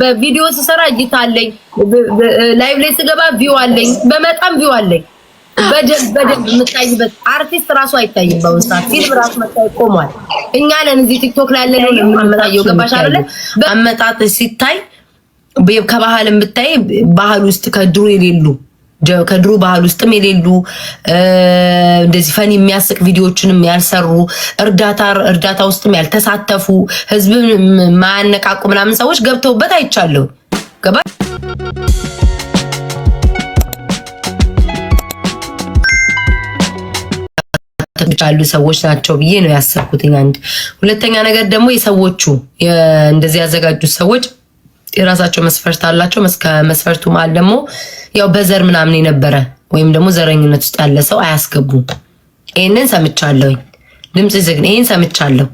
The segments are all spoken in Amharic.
በቪዲዮ ስሰራ እይታ አለኝ። ላይቭ ላይ ስገባ ቪው አለኝ፣ በመጣም ቪው አለኝ። በደንብ በደንብ የምታይበት አርቲስት ራሱ አይታይም። በአሁን ሰዓት ፊልም ራሱ መታየት ቆሟል። እኛ ነን እዚህ ቲክቶክ ላይ ያለ ነው የምናመጣየው። ገባሽ አለ አመጣጥ ሲታይ ከባህል የምታይ ባህል ውስጥ ከድሮ የሌሉ ከድሮ ባህል ውስጥም የሌሉ እንደዚህ ፈን የሚያስቅ ቪዲዮዎችንም ያልሰሩ እርዳታ እርዳታ ውስጥም ያልተሳተፉ ህዝብን ማያነቃቁ ምናምን ሰዎች ገብተውበት አይቻለሁ። ገባ ያሉ ሰዎች ናቸው ብዬ ነው ያሰብኩትኝ። አንድ ሁለተኛ ነገር ደግሞ የሰዎቹ እንደዚህ ያዘጋጁት ሰዎች የራሳቸው መስፈርት አላቸው። ከመስፈርቱ መሀል ደግሞ ያው በዘር ምናምን የነበረ ወይም ደግሞ ዘረኝነት ውስጥ ያለ ሰው አያስገቡም። ይህንን ሰምቻለሁኝ። ድምፅ ዝግ ነው። ይህን ሰምቻለሁ።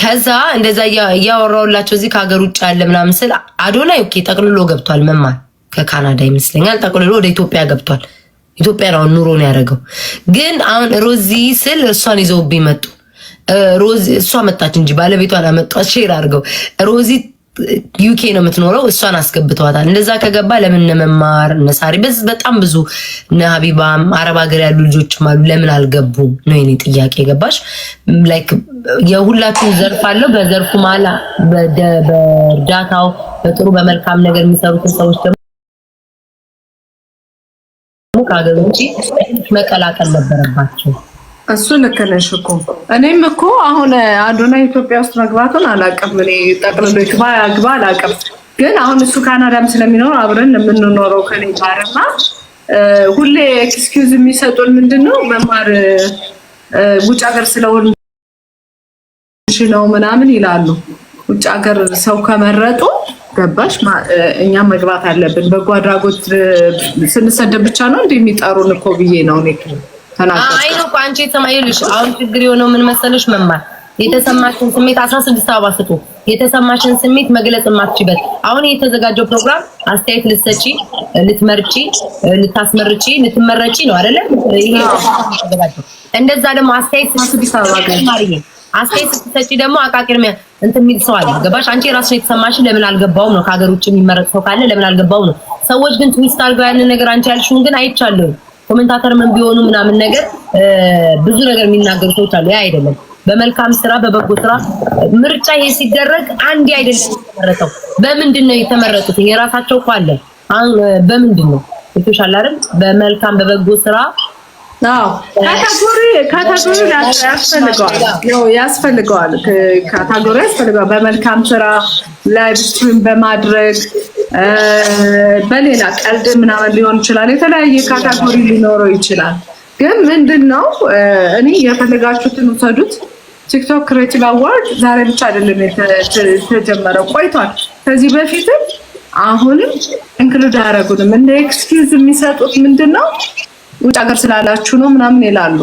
ከዛ እንደዛ እያወራውላቸው እዚህ ከሀገር ውጭ ያለ ምናምን ስል አዶናይ ኦኬ ጠቅልሎ ገብቷል። መማር ከካናዳ ይመስለኛል ጠቅልሎ ወደ ኢትዮጵያ ገብቷል። ኢትዮጵያ ነው ኑሮን ያደረገው። ግን አሁን ሮዚ ስል እሷን ይዘውብኝ መጡ። ሮዚ እሷ መጣች እንጂ ባለቤቷን አመጧት። ሼር አድርገው ሮዚ ዩኬ ነው የምትኖረው። እሷን አስገብተዋታል። እንደዛ ከገባ ለምን እነ መማር እነ በጣም ብዙ እነ ሀቢባም አረብ ሀገር ያሉ ልጆችም አሉ። ለምን አልገቡም ነው የኔ ጥያቄ። ገባሽ? ላይክ የሁላችሁ ዘርፍ አለው። በዘርፉ ማላ በእርዳታው በጥሩ በመልካም ነገር የሚሰሩትን ሰዎች ደግሞ ከሀገር ውጭ መቀላቀል ነበረባቸው። እሱ ልክ ነሽ እኮ እኔም እኮ አሁን አዶና ኢትዮጵያ ውስጥ መግባቱን አላውቅም። እኔ ጠቅልሎ ግባ ግባ አላውቅም። ግን አሁን እሱ ካናዳም ስለሚኖር አብረን የምንኖረው ከኔ ባርና ሁሌ ኤክስኪውዝ የሚሰጡን ምንድን ነው መማር ውጭ ሀገር ስለሆን ነው ምናምን ይላሉ። ውጭ ሀገር ሰው ከመረጡ ገባሽ እኛም መግባት አለብን። በጎ አድራጎት ስንሰደብ ብቻ ነው እንደሚጠሩን እኮ ብዬ ነው እኔ አይ ነው እኮ አንቺ የተሰማይልሽ። አሁን ችግር የሆነው ምን መሰለሽ፣ መማር የተሰማሽን ስሜት 16 አበባ ስጡ። የተሰማሽን ስሜት መግለጽ ማትችበት አሁን የተዘጋጀው ፕሮግራም አስተያየት ልትሰጪ፣ ልትመርጪ፣ ልታስመርጪ፣ ልትመረጪ ነው አይደለ? ይሄ እንደዛ ደግሞ አስተያየት ስድስት አበባ ጋር አስተያየት ስትሰጪ ደግሞ አቃቂር እንትን የሚል ሰው አለ። ገባሽ? አንቺ ራስሽን የተሰማሽን ለምን አልገባውም ነው። ከሀገር ውጭ የሚመረጥ ሰው ካለ ለምን አልገባውም ነው። ሰዎች ግን ትዊስት አድርገው ያንን ነገር አንቺ ያልሽውን ግን አይቻለሁ ኮሜንታተር ምን ቢሆኑ ምናምን ነገር ብዙ ነገር የሚናገሩ ሰዎች አሉ። ያ አይደለም። በመልካም ስራ በበጎ ስራ ምርጫ ይሄ ሲደረግ አንድ አይደለም የተመረጠው። በምንድን ነው የተመረጡት? የራሳቸው እኮ አለ። በምንድን ነው ይቶሻል አይደል? በመልካም በበጎ ስራ ካታጎሪ ያስፈልገዋል ያስፈልገዋል ካታጎሪ ያስፈልገዋል። በመልካም ስራ ላይቭ ስትሪም በማድረግ በሌላ ቀልድ ምናምን ሊሆን ይችላል። የተለያየ ካታጎሪ ሊኖረው ይችላል። ግን ምንድን ነው እኔ የፈለጋችሁትን ውሰዱት። ቲክቶክ ክሬቲቭ አዋርድ ዛሬ ብቻ አይደለም የተጀመረው፣ ቆይቷል። ከዚህ በፊትም አሁንም እንክሉድ አያደርጉንም። እንደ ኤክስኪውዝ የሚሰጡት ምንድን ነው ውጭ ሀገር ስላላችሁ ነው ምናምን ይላሉ።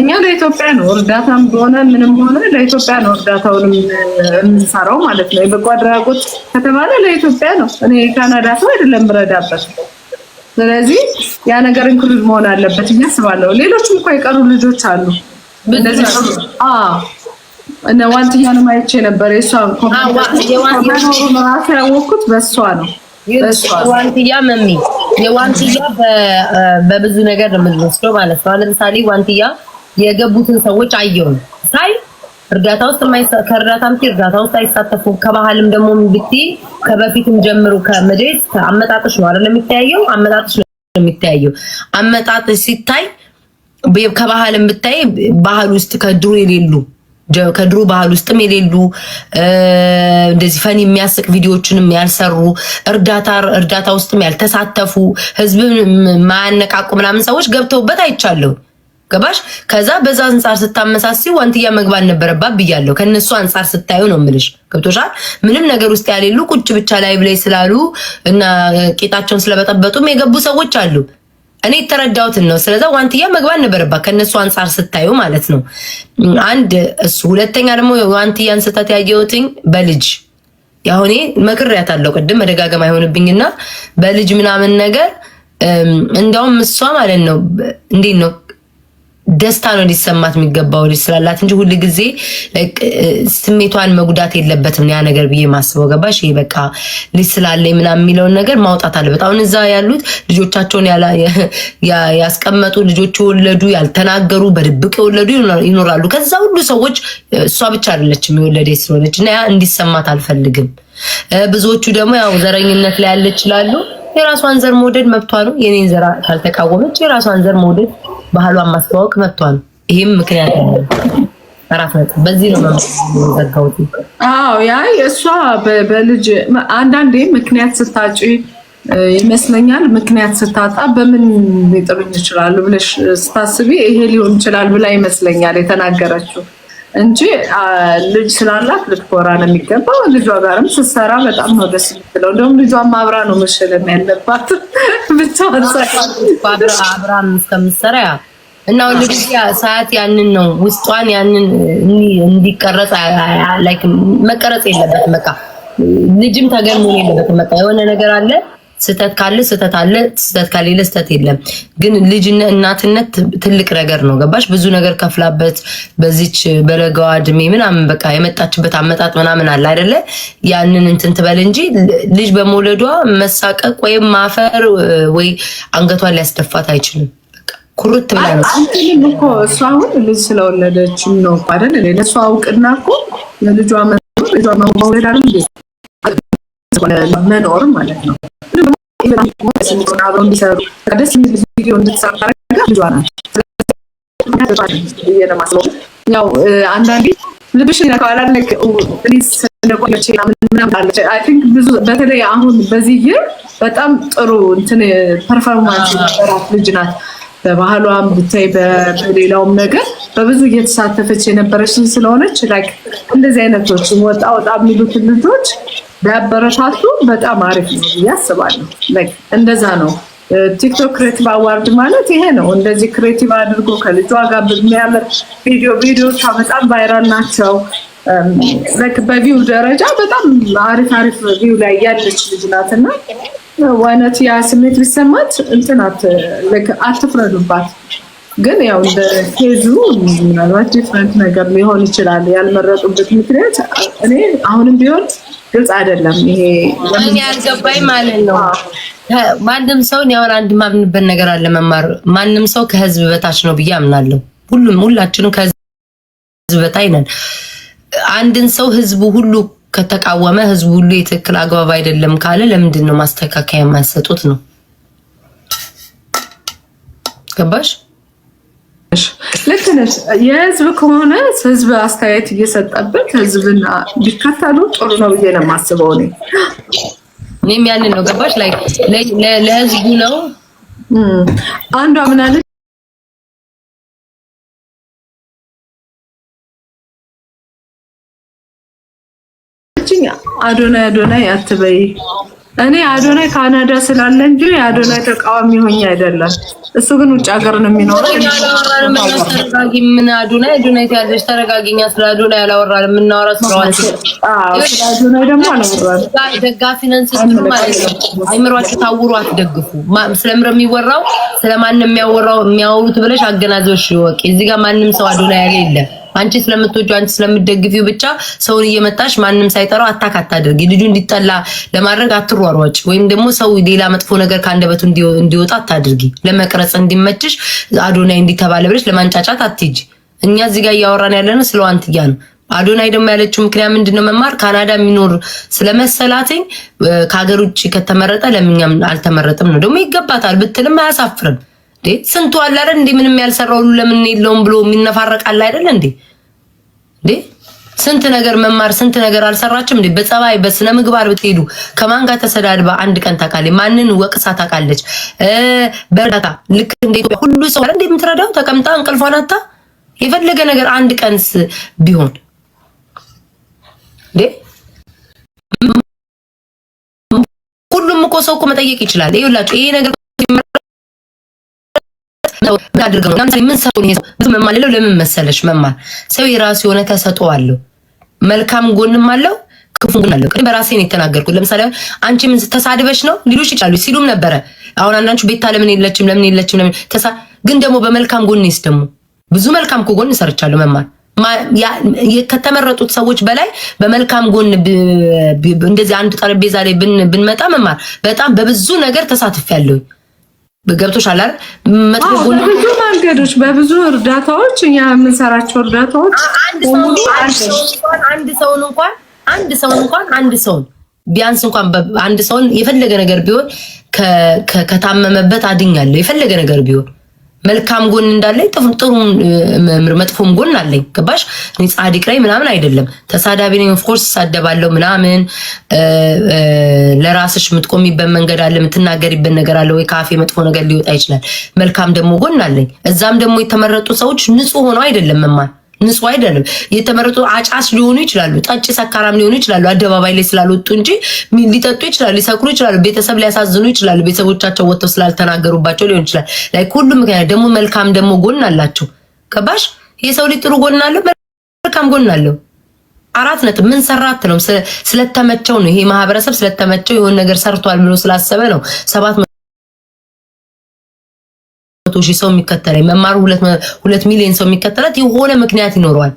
እኛ ለኢትዮጵያ ነው እርዳታም ሆነ ምንም ሆነ ለኢትዮጵያ ነው እርዳታውን የምንሰራው ማለት ነው። የበጎ አድራጎት ከተባለ ለኢትዮጵያ ነው። እኔ የካናዳ ሰው አይደለም የምረዳበት። ስለዚህ ያ ነገር እንክሉድ መሆን አለበት እኛ አስባለሁ። ሌሎችም እኮ የቀሩ ልጆች አሉ። እነ ዋንትያ ነው አይቼ ነበር። የእሷን ኮመኖሩ ራሱ ያወቅኩት በእሷ ነው። ዋንትያ መሚ የዋንትያ በብዙ ነገር ነው የምንወስደው ማለት ነው። ለምሳሌ ዋንትያ የገቡትን ሰዎች አየሁኝ ሳይ እርዳታ ውስጥ ከእርዳታም እርዳታ ውስጥ አይሳተፉም። ከመሀልም ደግሞ ብትይ ከበፊትም ጀምሮ ከመድሬት አመጣጥሽ ነው አይደል የሚታየው? አመጣጥሽ ነው የሚታየው። አመጣጥሽ ሲታይ ከባህልም ብታይ ባህል ውስጥ ከድሮ የሌሉ ከድሮ ባህል ውስጥም የሌሉ እንደዚህ ፈን የሚያስቅ ቪዲዮዎችንም ያልሰሩ እርዳታ እርዳታ ውስጥም ያልተሳተፉ ህዝብን ማያነቃቁ ምናምን ሰዎች ገብተውበት አይቻለሁ። ገባሽ? ከዛ በዛ አንጻር ስታመሳሲ ዋንትያ መግባት ነበረባት ብያለሁ። ከነሱ አንጻር ስታዩ ነው ምልሽ። ገብቶሻል? ምንም ነገር ውስጥ ያሌሉ ቁጭ ብቻ ላይ ብለይ ስላሉ እና ቄጣቸውን ስለበጠበጡም የገቡ ሰዎች አሉ። እኔ የተረዳሁትን ነው። ስለዛ ዋንትያ መግባት ነበረባት ከእነሱ አንጻር ስታዩ ማለት ነው። አንድ እሱ፣ ሁለተኛ ደግሞ ዋንትያን ስታት ያየሁትኝ በልጅ ያው እኔ መክሬያታለሁ ቅድም መደጋገም አይሆንብኝና በልጅ ምናምን ነገር እንዳውም እሷ ማለት ነው እንዴት ነው ደስታ ነው ሊሰማት የሚገባው ልጅ ስላላት እንጂ ሁል ጊዜ ስሜቷን መጉዳት የለበትም ያ ነገር ብዬ ማስበው። ገባሽ? ይሄ በቃ ልጅ ስላለኝ ምናምን የሚለውን ነገር ማውጣት አለበት። አሁን እዛ ያሉት ልጆቻቸውን ያስቀመጡ፣ ልጆች የወለዱ፣ ያልተናገሩ፣ በድብቅ የወለዱ ይኖራሉ። ከዛ ሁሉ ሰዎች እሷ ብቻ አይደለችም የወለደ ስለሆነች እና ያ እንዲሰማት አልፈልግም። ብዙዎቹ ደግሞ ያው ዘረኝነት ላይ ያለ ይችላሉ የራሷን ዘር መውደድ መብቷ ነው። የኔን ዘር ካልተቃወመች የራሷን ዘር መውደድ ባህሏን ማስተዋወቅ መብቷ ነው። ይህም ምክንያት አራት ነጥብ። በዚህ ነው አዎ ያ እሷ በልጅ አንዳንዴ ምክንያት ስታጭ ይመስለኛል ምክንያት ስታጣ በምን ሊጥሩኝ ይችላሉ ብለሽ ስታስቢ ይሄ ሊሆን ይችላል ብላ ይመስለኛል የተናገረችው። እንጂ ልጅ ስላላት ልትኮራ ነው የሚገባው። ልጇ ጋርም ስትሰራ በጣም ነው ደስ የምትለው። እንደውም ልጇም አብራ ነው መሸለም ያለባት ብቻዋን እስከምትሰራ እና ሁሉ ጊዜ ሰዓት ያንን ነው ውስጧን ያንን እንዲቀረጽ መቀረጽ የለበትም። በቃ ልጅም ተገርሞ የለበትም። በቃ የሆነ ነገር አለ ስተት ካለ ስተት አለ፣ ስተት ከሌለ ስተት የለም። ግን ልጅነት እናትነት ትልቅ ነገር ነው። ገባሽ? ብዙ ነገር ከፍላበት በዚች በለጋዋ እድሜ ምናምን በቃ የመጣችበት አመጣጥ ምናምን አለ አይደለ? ያንን እንትን ትበል እንጂ ልጅ በመውለዷ መሳቀቅ ወይም ማፈር ወይ አንገቷን ሊያስደፋት አይችልም። ኩርት ብላ ነው እኮ እሷ አሁን ልጅ ስለወለደችም ነው እኮ አይደል? ለእሷ አውቅና እኮ ለልጇ መኖር ልጇ መውለድ አይደል? መኖር ማለት ነው አብረው እንዲሰሩ ደስ የሚል ቪዲዮ እንድትሰራ ልጇ ናት። ያው አንዳንዴ ልብሽ ይነካዋል። ብዙ በተለይ አሁን በዚህ ይር በጣም ጥሩ እንትን ፐርፎርማንስ ልጅ ናት። በባህሏም ብታይ በሌላውም ነገር በብዙ እየተሳተፈች የነበረችን ስለሆነች ላይክ እንደዚህ አይነቶች ወጣ ወጣ የሚሉትን ልጆች ቢያበረታቱ በጣም አሪፍ ነው ብዬ አስባለሁ። እንደዛ ነው። ቲክቶክ ክሬቲቭ አዋርድ ማለት ይሄ ነው። እንደዚህ ክሬቲቭ አድርጎ ከልጇ ጋር የሚያምር ቪዲዮ ቪዲዮቿ በጣም ቫይራል ናቸው። በቪው ደረጃ በጣም አሪፍ አሪፍ ቪው ላይ ያለች ልጅ ናት እና ዋናት ያ ስሜት ቢሰማት እንትናት አልትፍረዱባት። ግን ያው እንደ ኬዙ ምናልባት ዲፍረንት ነገር ሊሆን ይችላል። ያልመረጡበት ምክንያት እኔ አሁንም ቢሆን ግልጽ አይደለም። ይሄ እኔ አልገባኝ ማለት ነው። ማንም ሰው እኔ አሁን አንድ ማምንበት ነገር አለ መማር ማንም ሰው ከህዝብ በታች ነው ብዬ አምናለሁ። ሁሉም ሁላችንም ከህዝብ በታች ነን። አንድን ሰው ህዝቡ ሁሉ ከተቃወመ ህዝብ ሁሉ የትክክል አግባብ አይደለም ካለ ለምንድን ነው ማስተካከያ የማይሰጡት ነው? ገባሽ? ልክ ነሽ። የህዝብ ከሆነ ህዝብ አስተያየት እየሰጠበት ህዝብና ቢከተሉ ጥሩ ነው ብዬ ነው የማስበው። እኔ እኔም ያንን ነው ገባሽ? ላይ ለህዝቡ ነው አንዷ ምናለ አለችኝ። አዶናይ አዶናይ አትበይ። እኔ አዶናይ ካናዳ ስላለ እንጂ አዶና ተቃዋሚ ሆኜ አይደለም። እሱ ግን ውጭ ሀገር ነው የሚኖረው። ተረጋጊ፣ አዶናይ አዶናይ ያለች ተረጋጊኛ። ስለ አዶናይ አላወራንም፣ ስለ አዶናይ ደግሞ አላወራንም። ደጋፊ ነን ስትሉ ማለት ነው አይምሯችሁ ታውሩ፣ አትደግፉ። የሚወራው ስለማንም የሚያወራው የሚያወሩት ብለሽ አገናዘብሽ ይወቅ። እዚህ ጋር ማንም ሰው አዶናይ ያለ የለም አንቺ ስለምትወጁ አንቺ ስለምትደግፊው ብቻ ሰውን እየመጣሽ ማንም ሳይጠራው አታክ አታደርጊ። ልጁ እንዲጠላ ለማድረግ አትሯሯጭ፣ ወይም ደግሞ ሰው ሌላ መጥፎ ነገር ከአንደበቱ እንዲወጣ አታድርጊ። ለመቅረጽ እንዲመችሽ አዶናይ እንዲተባለ ብለሽ ለማንጫጫት አትጂ። እኛ እዚህ ጋር እያወራን ያለነው ስለ ዋንትያ ነው። አዶናይ ደግሞ ያለችው ምክንያት ምንድነው? መማር ካናዳ የሚኖር ስለመሰላትኝ ከሀገር ውጭ ከተመረጠ ለምኛም አልተመረጠም ነው ደግሞ ይገባታል ብትልም አያሳፍርም። ስንቱ አለ አይደል እንዴ? ምንም ያልሰራው ሁሉ ለምን የለውም ብሎ የሚነፋረቃል አይደል እንዴ? እንዴ ስንት ነገር መማር ስንት ነገር አልሰራችም እንዴ? በጸባይ በስነ ምግባር ብትሄዱ ከማን ጋር ተሰዳድባ አንድ ቀን ታውቃለች? ማንን ወቅሳ ታውቃለች? በእርዳታ ልክ እንደ ኢትዮጵያ ሁሉ ሰው አይደል እንዴ የምትረዳው ተቀምጣ እንቅልፏን አታ የፈለገ ነገር አንድ ቀንስ ቢሆን እንዴ ሁሉም እኮ ሰው እኮ መጠየቅ ይችላል። ይኸውላችሁ ይሄ ነገር አድርገው ነው። ለምሳሌ ምን ሰው ነው ብዙ መማር ሌለው ለምን መሰለሽ መማር ሰው የራሱ የሆነ ተሰጥኦ አለው። መልካም ጎንም አለው፣ ክፉ ጎን አለው። ቅድም በራሴ ነው የተናገርኩት። ለምሳሌ አንቺ ምን ተሳድበሽ ነው ሊሉሽ ይችላሉ። ሲሉም ነበረ። አሁን አንዳንቹ ቤታ ለምን የለችም ለምን የለችም ለምን ተሳ ግን ደግሞ በመልካም ጎን ጎንስ ደግሞ ብዙ መልካም እኮ ጎን ሰርቻለሁ መማር ከተመረጡት ሰዎች በላይ በመልካም ጎን እንደዚህ አንድ ጠረጴዛ ላይ ብንመጣ መማር በጣም በብዙ ነገር ተሳትፌያለሁ። ገብቶሻል አይደል? በብዙ መንገዶች በብዙ እርዳታዎች እኛ የምንሰራቸው እርዳታዎች አንድ ሰውን እንኳን አንድ ሰውን እንኳን አንድ ሰውን ቢያንስ እንኳን አንድ ሰውን የፈለገ ነገር ቢሆን ከታመመበት አድኛለሁ የፈለገ ነገር ቢሆን መልካም ጎን እንዳለኝ ጥሩ መጥፎም ጎን አለኝ። ገባሽ? እኔ ጻድቅ ላይ ምናምን አይደለም ተሳዳቢ ነኝ። ኦፍኮርስ ሳደባለሁ ምናምን። ለራስሽ የምትቆሚበት መንገድ አለ፣ የምትናገሪበት ነገር አለ። ወይ ካፌ መጥፎ ነገር ሊወጣ ይችላል። መልካም ደግሞ ጎን አለኝ። እዛም ደግሞ የተመረጡ ሰዎች ንጹህ ሆነው አይደለም መማል ንጹህ አይደለም። የተመረጡ አጫስ ሊሆኑ ይችላሉ፣ ጠጭ ሰካራም ሊሆኑ ይችላሉ። አደባባይ ላይ ስላልወጡ እንጂ ሊጠጡ ይችላሉ፣ ሊሰክሩ ይችላሉ፣ ቤተሰብ ሊያሳዝኑ ይችላሉ። ቤተሰቦቻቸው ወጥተው ስላልተናገሩባቸው ሊሆን ይችላል። ላይ ሁሉ ምክንያት ደግሞ መልካም ደግሞ ጎን አላቸው። ገባሽ? የሰው ልጅ ጥሩ ጎን አለው፣ መልካም ጎን አለው። አራት ነጥብ ምን ሰራ ነው? ስለተመቸው ነው ይሄ ማህበረሰብ ስለተመቸው የሆነ ነገር ሰርቷል ብሎ ስላሰበ ነው ሰባት መቶ ሺህ ሰው የሚከተለኝ መማር ሁለት ሚሊዮን ሰው የሚከተላት የሆነ ምክንያት ይኖረዋል።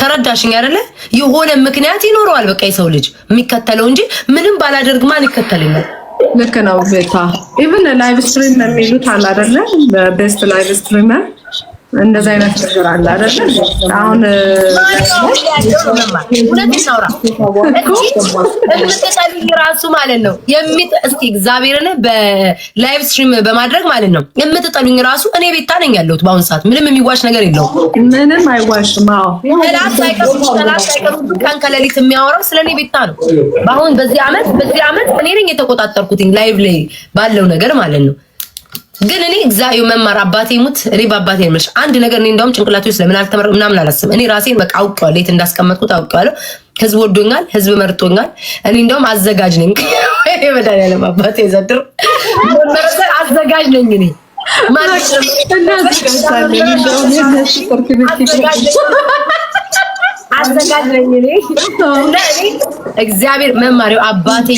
ተረዳሽኝ አይደለ? የሆነ ምክንያት ይኖረዋል። በቃ የሰው ልጅ የሚከተለው እንጂ ምንም ባላደርግ ማን ይከተለኛል? ልክ ነው ቤታ። ኢቨን ላይቭ ስትሪም የሚሉት አለ አይደለ? ቤስት ላይቭ ስትሪመር እንደዚ አይነት ነገር አለ አይደል? አሁን ራሱ ማለት ነው የሚጥ እስኪ እግዚአብሔርን በላይቭ ስትሪም በማድረግ ማለት ነው የምትጠሉኝ ራሱ እኔ ቤታ ነኝ ያለሁት በአሁኑ ሰዓት። ምንም የሚዋሽ ነገር የለውም። ምንም አይዋሽም። አዎ ቀን ከሌሊት የሚያወራው ስለ እኔ ቤታ ነው። በአሁን በዚህ አመት በዚህ አመት እኔ ነኝ የተቆጣጠርኩትኝ ላይቭ ላይ ባለው ነገር ማለት ነው ግን እኔ እግዚአብሔር መማር አባቴ ሙት እኔ በአባቴ ምልሽ አንድ ነገር እኔ እንደውም ጭንቅላቱ ውስጥ ለምን አልተመረ ምናምን አላስብም። እኔ ራሴን በቃ አውቄዋለሁ፣ የት እንዳስቀመጥኩት አውቄዋለሁ። ህዝብ ወዶኛል፣ ህዝብ መርጦኛል። እኔ እንደውም አዘጋጅ ነኝ። መድኃኒዓለም አባቴ ዘድር አዘጋጅ ነኝ እኔ አዘጋጅ ነኝ እኔ እግዚአብሔር መማሪው አባቴ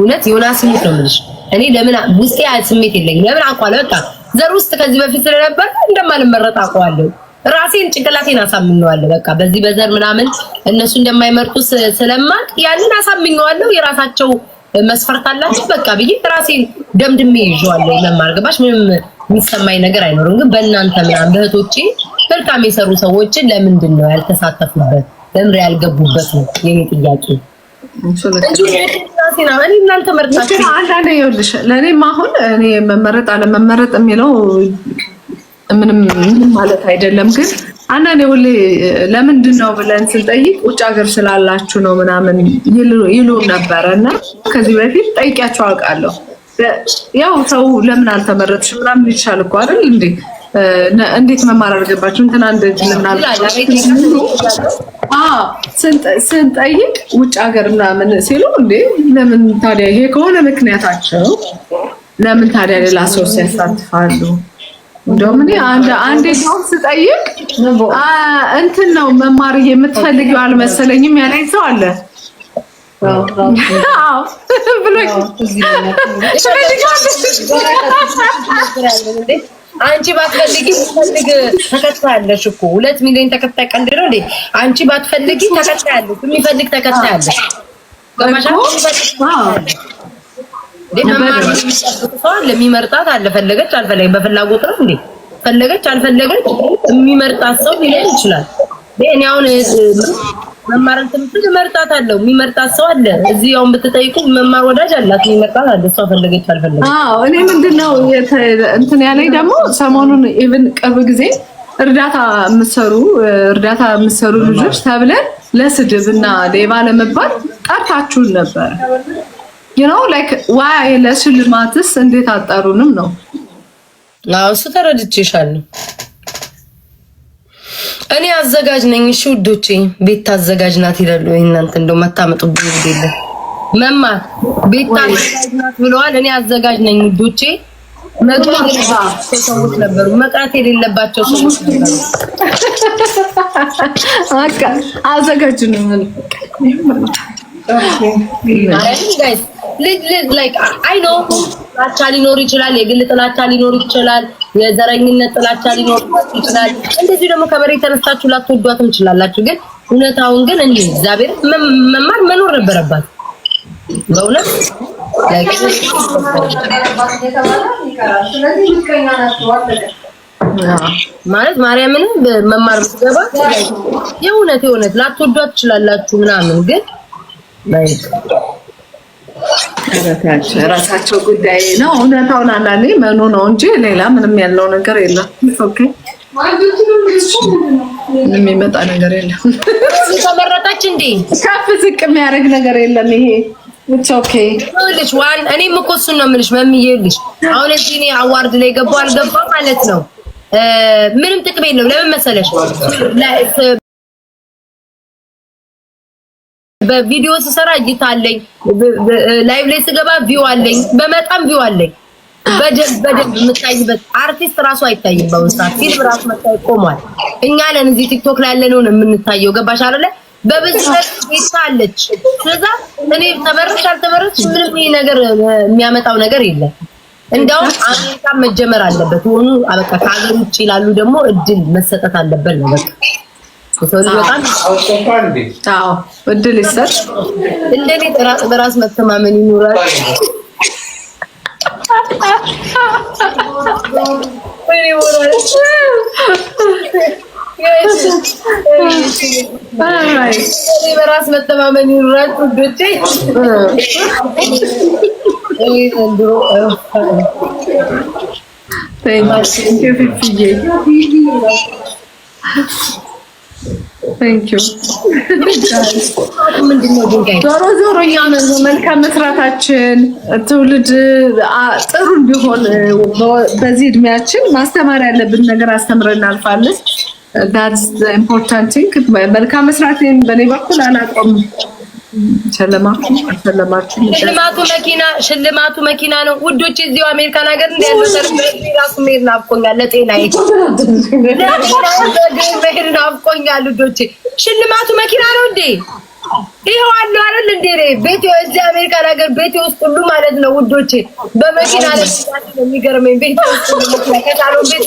እውነት ዮናስ ሙት ነው የምልሽ እኔ ለምን ውስጤ ስሜት የለኝም። ለምን አውቀዋለሁ። በቃ ዘር ውስጥ ከዚህ በፊት ስለነበር እንደማልመረጥ አውቀዋለሁ። ራሴን ጭንቅላቴን አሳምነዋለሁ። በቃ በዚህ በዘር ምናምን እነሱ እንደማይመርጡ ስለማቅ ያንን አሳምነዋለሁ። የራሳቸው መስፈርት አላቸው። በቃ ብዬ ራሴን ደምድሜ ይዤዋለሁ። ለማርገባሽ ምንም የሚሰማኝ ነገር አይኖርም። ግን በእናንተ ምናምን በእህቶቼ መልካም የሰሩ ሰዎችን ለምንድን ነው ያልተሳተፉበት? ለምን ያልገቡበት ነው የኔ ጥያቄ። አንዳንድ ይኸውልሽ ለእኔም አሁን እኔ መመረጥ አለመመረጥ የሚለው ምንም ማለት አይደለም። ግን አንዳንድ ሁሌ ለምንድን ነው ብለን ስንጠይቅ ውጭ ሀገር ስላላችሁ ነው ምናምን ይሉ ነበረ እና ከዚህ በፊት ጠይቂያቸው አውቃለሁ። ያው ሰው ለምን አልተመረጥሽ ምናምን ይቻል እኮ አይደል እንዴ እንዴት መማር አድርገባቸው እንትና እንደዚህ ምናምን ስንጠይቅ ውጭ ሀገር ምናምን ሲሉ እንዴ ለምን ታዲያ ይሄ ከሆነ ምክንያታቸው ለምን ታዲያ ሌላ ሰው ሲያሳትፋሉ? እንደውም እኔ አንድ አንዴ ሰውን ስጠይቅ እንትን ነው መማር የምትፈልጊው አልመሰለኝም ያለኝ ሰው አለ ብሎ አንቺ ባትፈልጊ ፈልግ ተከታያለሽ እኮ ሁለት ሚሊዮን ተከታይ ቀልድ ነው። አንቺ ባትፈልጊ ተከታያለሽ፣ የሚፈልግ ተከታያለሽ። ለሚመርጣት አለ። ፈለገች አልፈለገች በፍላጎት ነው እንዴ? ፈለገች አልፈለገች የሚመርጣት ሰው ሊሆን ይችላል። እኔ አሁን መማር እንትን መርጣት አለው። የሚመርጣት ሰው አለ። እዚህ ያው ብትጠይቁ መማር ወዳጅ አላት። የሚመርጣት አለ። እሷ ፈለገች አልፈለገች። አዎ እኔ ምንድነው እንትን ያለኝ ደግሞ ሰሞኑን ኢቭን ቅርብ ጊዜ እርዳታ የምትሰሩ እርዳታ የምትሰሩ ልጆች ተብለን ለስድብ እና ሌባ ለመባል ጠርታችሁን ነበር። ዩ ኖ ላይክ ዋይ ለሽልማትስ እንዴት አጠሩንም ነው። አዎ እሱ ተረድቼሻለሁ። እኔ አዘጋጅ ነኝ። እሺ ውዶቼ፣ ቤታ አዘጋጅ ናት ይላሉ። እናንተ እንደው መታመጡብኝ ግዴለ መማር ቤታ አዘጋጅ ናት ብለዋል። እኔ አዘጋጅ ነኝ ውዶቼ። መቅረት የሌለባቸው ሰዎች ነበሩ። መቅረት የሌለባቸው ሰዎች ነበሩ። አዘጋጅ ነው አይ ኖ ጥላቻ ሊኖር ይችላል፣ የግል ጥላቻ ሊኖር ይችላል፣ የዘረኝነት ጥላቻ ሊኖር ይችላል። እንደዚሁ ደግሞ ከበሬ የተነሳችሁ ላትወዷትም ትችላላችሁ። ግን እውነታውን ግን እኔ እግዚአብሔር መማር መኖር ነበረባት በእውነት ማለት ማርያምንም መማር ምትገባ የእውነት የእውነት ላትወዷት ትችላላችሁ ምናምን ግን ራሳቸው ጉዳይ ነው። እውነታውን አንዳንዴ መኑ ነው እንጂ ሌላ ምንም ያለው ነገር የለም። ምንም የሚመጣ ነገር የለም። ተመረጠች እንዴ ከፍ ዝቅ የሚያደርግ ነገር የለም። ይሄ ልሽ ዋን እኔም እኮ እሱን ነው የምልሽ መምዬልሽ። አሁን እዚህ እኔ አዋርድ ላይ ገባ አልገባ ማለት ነው ምንም ጥቅም የለውም። ለምን መሰለሽ በቪዲዮ ስሰራ እይታ አለኝ፣ ላይቭ ላይ ስገባ ቪው አለኝ፣ በመጣም ቪው አለኝ። በደንብ በደንብ የምታይበት አርቲስት ራሱ አይታይም። በአሁን ሰዓት ፊልም ራሱ መታየት ቆሟል። እኛ ነን እዚህ ቲክቶክ ላይ ያለነው ነው የምንታየው። ገባሽ አይደለ? በብዛት ቤታ አለች። ስለዛ እኔ ተመረጥሽ አልተመረጥሽ ምንም ይሄ ነገር የሚያመጣው ነገር የለም። እንዲያውም አሜሪካ መጀመር አለበት ሆኑ አበቃ። ከሀገር ውጭ ላሉ ደግሞ እድል መሰጠት አለበት ነው በቃ እድል ይሰጥ። እንዴት ራስ በራስ መተማመን ይኖራል። በራስ መተማመን ይኑራችሁ ውዶቼ። ዞሮ ዞሮ እኛ መልካም መስራታችን ትውልድ ጥሩ እንዲሆን በዚህ እድሜያችን ማስተማር ያለብን ነገር አስተምረን እናልፋለን። ኢምፖርታንት መልካም መስራቴን በእኔ በኩል አላቆምም። ሽልማቱ መኪና ነው ውዶች። እዚሁ አሜሪካን ሀገር ራሱ መሄድ ናፍቆኛል። ለጤና መሄድ ናፍቆኛል ውዶቼ። ሽልማቱ መኪና ነው እንዴ? ይኸው አለው አይደል እንዴ? ቤቴ እዚህ አሜሪካን ሀገር ቤቴ ውስጥ ሁሉ ማለት ነው ውዶቼ፣ በመኪና ላይ የሚገርመኝ ቤቴ ውስጥ